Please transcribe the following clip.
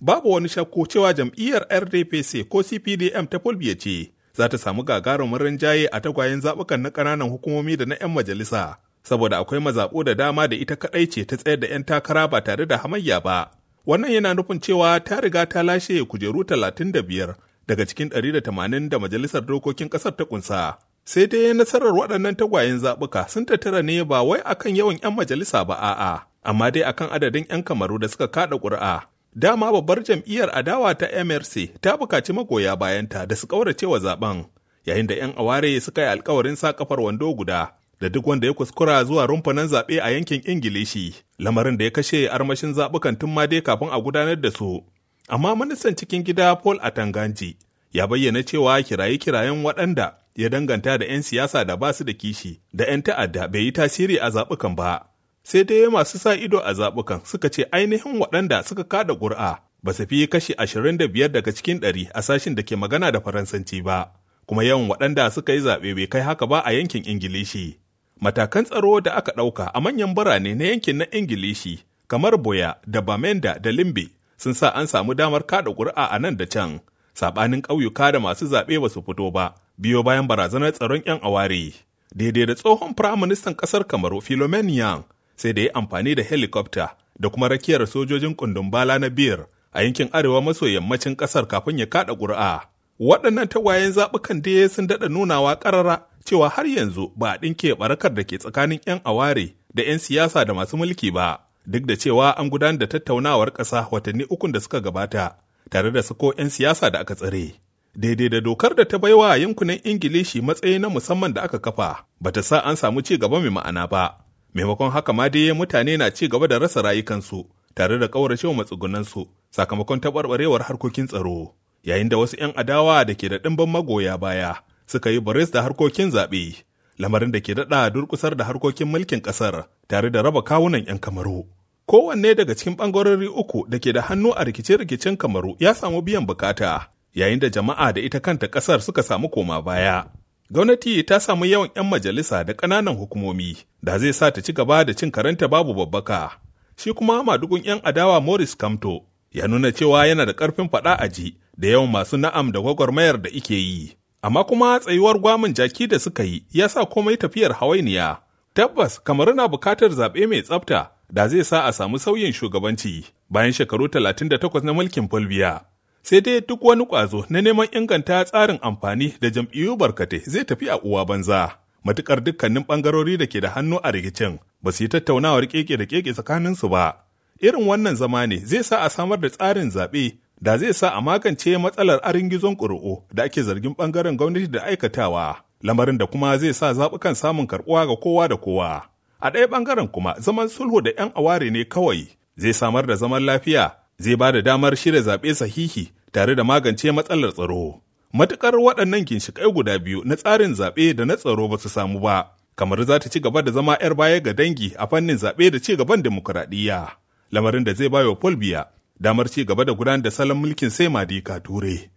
Babu wani shakku cewa jam'iyyar RDPC ko CPDM ta Fulbiya ce za ta samu gagarumin rinjaye a tagwayen zabukan na ƙananan hukumomi da na 'yan majalisa. Saboda akwai mazaɓu da dama da ita kaɗai ce ta tsayar da 'yan takara ba tare da hamayya ba. Wannan yana nufin cewa ta riga ta lashe kujeru talatin da biyar daga cikin ɗari da tamanin da majalisar dokokin ƙasar ta kunsa. sai dai nasarar waɗannan tagwayen zaɓuka sun tattara ne ba wai akan yawan 'yan majalisa ba a'a amma dai akan adadin 'yan kamaru da suka kaɗa ƙuri'a Dama babbar jam'iyyar adawa ta MRC ta bukaci magoya bayanta da su wa zaben, yayin da 'yan aware suka yi alkawarin sa kafar wando guda da duk wanda ya kuskura zuwa rumfunan zaɓe a yankin Ingilishi, lamarin da ya kashe armashin zaɓukan tun ma dai kafin a gudanar da su. Amma ministan cikin gida Paul Atanganji ya bayyana cewa kiraye-kirayen waɗanda ya danganta da 'yan siyasa da ba su da kishi da 'yan ta'adda bai yi tasiri a zaɓukan ba. sai dai masu sa ido a zabukan suka ce ainihin waɗanda suka kada ƙuri'a ba su fi kashi ashirin da biyar daga cikin ɗari a sashin da ke magana da faransanci ba kuma yawan waɗanda suka yi zaɓe bai kai haka ba a yankin ingilishi matakan tsaro da aka ɗauka a manyan birane na yankin na ingilishi kamar boya da bamenda da limbe sun sa an samu damar kada ƙuri'a a nan da can saɓanin ƙauyuka da masu zaɓe ba su fito ba biyo bayan barazanar tsaron 'yan aware daidai da tsohon firaministan ƙasar kamaru philomenian sai da ya amfani da helikopta da kuma rakiyar sojojin kundin bala na biyar a yankin arewa maso yammacin kasar kafin ya kada ƙuri'a. Waɗannan tawayen zaɓukan da sun daɗa nunawa ƙarara cewa har yanzu ba a ɗinke ɓarakar da ke tsakanin 'yan aware da 'yan siyasa da masu mulki ba, duk da cewa an gudanar da tattaunawar ƙasa watanni ukun da suka gabata, tare da suko 'yan siyasa da aka tsare. Daidai da dokar da ta baiwa yankunan Ingilishi matsayi na musamman da aka kafa, bata sa an samu ci gaba mai ma'ana ba. maimakon haka ma dai mutane na ci gaba da rasa rayukansu tare da kauracewa matsugunansu sakamakon taɓarɓarewar harkokin tsaro yayin da wasu 'yan adawa da ke da ɗimbin magoya baya suka yi baris da harkokin zaɓe lamarin da ke daɗa durkusar da harkokin mulkin ƙasar tare da raba kawunan 'yan kamaru kowanne daga cikin ɓangarori uku da ke da hannu a rikice-rikicen kamaru ya samu biyan bukata yayin da jama'a da ita kanta ƙasar suka samu koma baya Gwamnati ta samu yawan 'yan majalisa da ƙananan hukumomi da zai sa ta ci gaba da cin karanta babu babbaka. Shi kuma madugun 'yan adawa Morris Kamto ya nuna cewa yana da ƙarfin faɗa a ji da yawan masu na'am da gwagwarmayar da ike yi. Amma kuma tsayuwar gwamin jaki da suka yi ya sa komai tafiyar hawainiya. Tabbas kamar na buƙatar zaɓe mai tsafta da zai sa a samu sauyin shugabanci bayan shekaru 38 na mulkin Fulbiya. sai dai duk wani ƙwazo na neman inganta tsarin amfani da jam'iyyu barkatai zai tafi a uwa banza. Matukar dukkanin ɓangarori da ke da hannu a rikicin ba su yi tattaunawar keke da keke tsakaninsu ba. Irin wannan zama ne zai sa a samar da tsarin zaɓe da zai sa a magance matsalar arin gizon ƙuri'u da ake zargin ɓangaren gwamnati da aikatawa. Lamarin da kuma zai sa zaɓukan samun karɓuwa ga kowa da kowa. A ɗaya ɓangaren kuma zaman sulhu da 'yan aware ne kawai zai samar da zaman lafiya zai ba da damar shirya zaɓe sahihi tare da magance matsalar tsaro. Matuƙar waɗannan ginshiƙai guda biyu na tsarin zaɓe da na tsaro ba su samu ba, kamar za ta ci gaba da zama 'yar baya ga dangi a fannin zaɓe da ci gaban demokuraɗiyya, lamarin da zai bayo Paul Biya damar ci gaba da gudanar da salon mulkin sai ka ture.